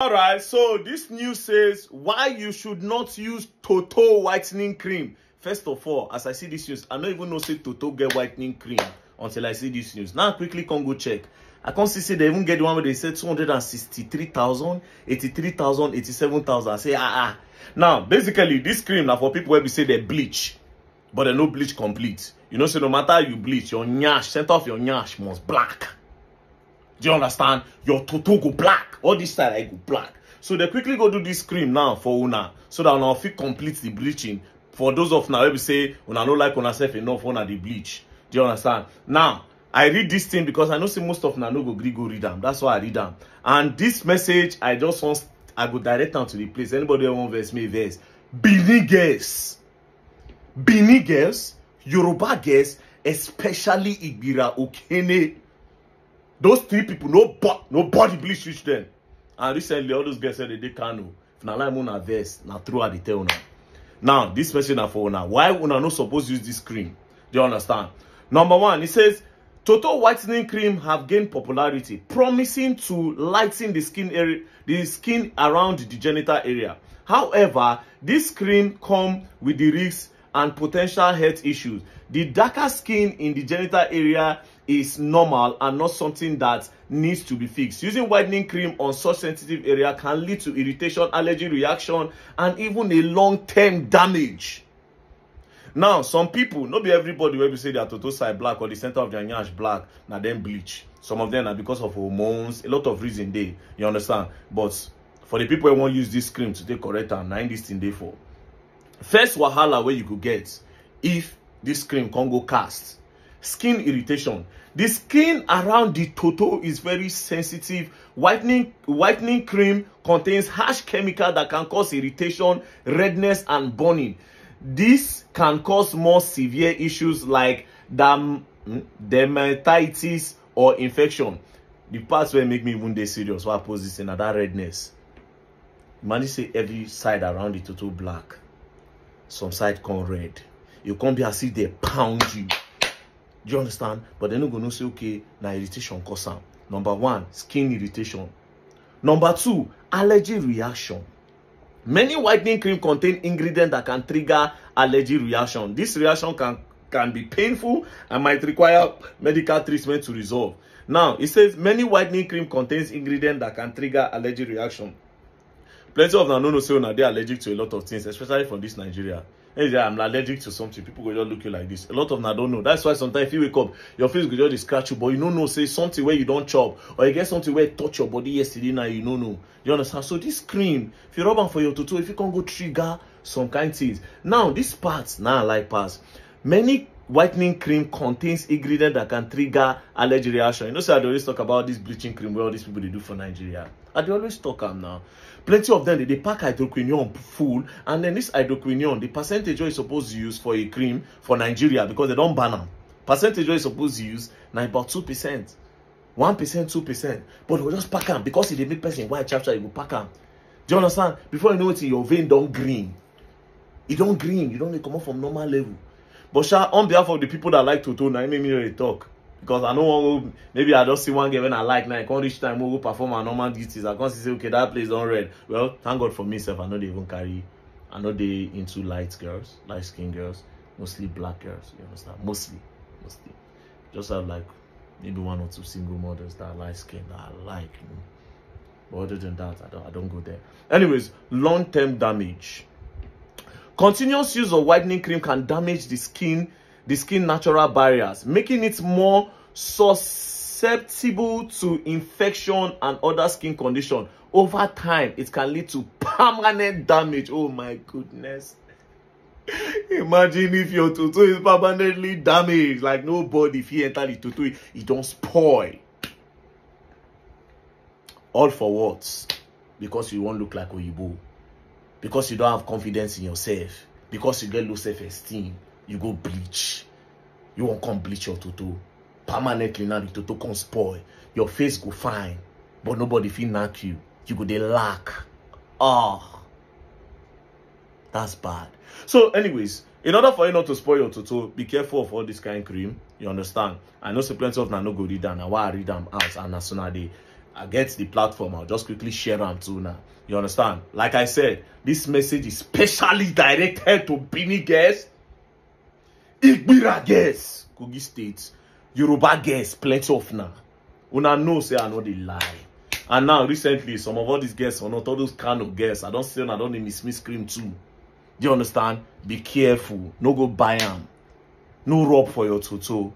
All right, so this news says why you should not use Toto whitening cream. First of all, as I see this news, I don't even know say Toto get whitening cream until I see this news. Now I quickly come go check. I can't see say they even get the one where they say 263,000, 83,000, 87,000. I say ah ah. Now basically this cream now for people where we say they bleach, but they no bleach complete. You know, so no matter how you bleach, your nyash, center of your nyash must black. Do you understand? Your toto go black. All this side I go black. So they quickly go do this cream now for una so that our feet complete the bleaching. For those of now, we say una no like una self enough una the bleach. Do you understand? Now I read this thing because I know see most of now no go go read them. That's why I read them. And this message I just want I go direct them to the place. Anybody want verse me verse. Benin girls, Benin girls, Yoruba girls, especially Igbira Okene. Okay, those three people no but nobody bleach reach them and recently all those girls say they dey kano if na lie una vex na true i dey tell una now this person na for una why una no suppose use this cream do you understand number one he says toto whitening cream have gained popularity promising to ligh ten the skin area the skin around the genital area however this cream come with the risk and po ten tial health issues the darker skin in the genital area is normal and not something that needs to be fixed. Using whitening cream on such sensitive area can lead to irritation, allergy reaction, and even a long-term damage. Now, some people, not be everybody where we say their toto side black or the center of their nyash black, now then bleach. Some of them are because of hormones, a lot of reason they, you understand? But for the people who won't use this cream to take correct and nine this thing they for. First wahala where you could get if this cream can go cast skin irritation. The skin around the toto is very sensitive. Whitening, whitening cream contains harsh chemical that can cause irritation, redness, and burning. This can cause more severe issues like derm mm, dermatitis or infection. The parts where make me even day serious why I post this in that redness. Imagine say every side around the toto black. Some side come red. You can't be as if they pound you. Do you understand? But they're not going to say, okay, now irritation cause some. Number one, skin irritation. Number two, allergy reaction. Many whitening cream contain ingredients that can trigger allergy reaction. This reaction can, can be painful and might require medical treatment to resolve. Now, it says many whitening cream contains ingredients that can trigger allergy reaction. Plenty of them do no know say they're allergic to a lot of things, especially from this Nigeria. hey, I'm allergic to something, people go just look you like this. A lot of them don't know. That's why sometimes if you wake up, your face go just scratch you, but you no know, say something where you don't chop, or you get something where touch your body yesterday now, you no know. You understand? So this cream, if you rub them for your tutu, if you can go trigger some kind things. Now, this part, now nah, I like parts. Many whitening cream contains ingredient that can trigger allergy reaction you know say i always talk about this bleaching cream where all these people they do for nigeria i dey always talk am now plenty of them they dey pack hydroquinone full and then this hydroquinone the percentage wey supposed to use for a cream for nigeria because they don't ban them. percentage wey supposed to use now about two percent one percent two percent but you just pack them because e dey make person white chapter sharp you go pack them? do you understand before you know it, your vein don't green It e don't green you don come up from normal level But sha, on behalf of the people that like Toto, now it make me really talk. Because I know maybe I just see one game when I like, now I can't reach time, we'll go perform my normal duties. I can't say, okay, that place don't red. Well, thank God for me, self, I know they even carry, I know they into light girls, light skin girls, mostly black girls, you understand? Mostly, mostly. Just have like maybe one or two single models that are light skin that I like. You know? But other than that, I don't, I don't go there. Anyways, long term damage. Continuous use of whitening cream can damage the skin, the skin natural barriers, making it more susceptible to infection and other skin condition. Over time, it can lead to permanent damage. Oh my goodness. Imagine if your toto is permanently damaged, like nobody if you enter the toto, it e don't spoil. All for what? Because you won't look like Oyibo because you don't have confidence in yourself because you get low self-esteem you go bleach you won't come bleach your toto permanently now the toto can spoil your face go fine but nobody feel knack you you go dey lack ah oh, that's bad so anyways in order for you not to spoil your toto be careful of all this kind of cream you understand i know say plenty of na no go read am na why i read them out and na so na dey I get the platform. I'll just quickly share them too now. You understand? Like I said, this message is specially directed to Bini guests, Igbira guests, Kogi States, Yoruba guests, plenty of now. Una know say I know they lie. And now recently, some of all these guests are not all those kind of guests. I don't say I don't miss me scream too. Do you understand? Be careful. No go buy them. No rob for your toto.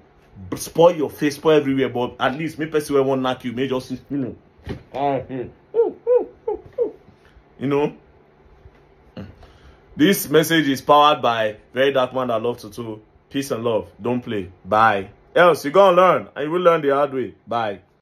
spoil your face, spoil everywhere, but at least me person will won't knock you, may just ah, hmm. you know. You mm. know. This message is powered by Very Dark Man That Love to Too. Peace and love. Don't play. Bye. Else, you going to learn. And you will learn the hard way. Bye.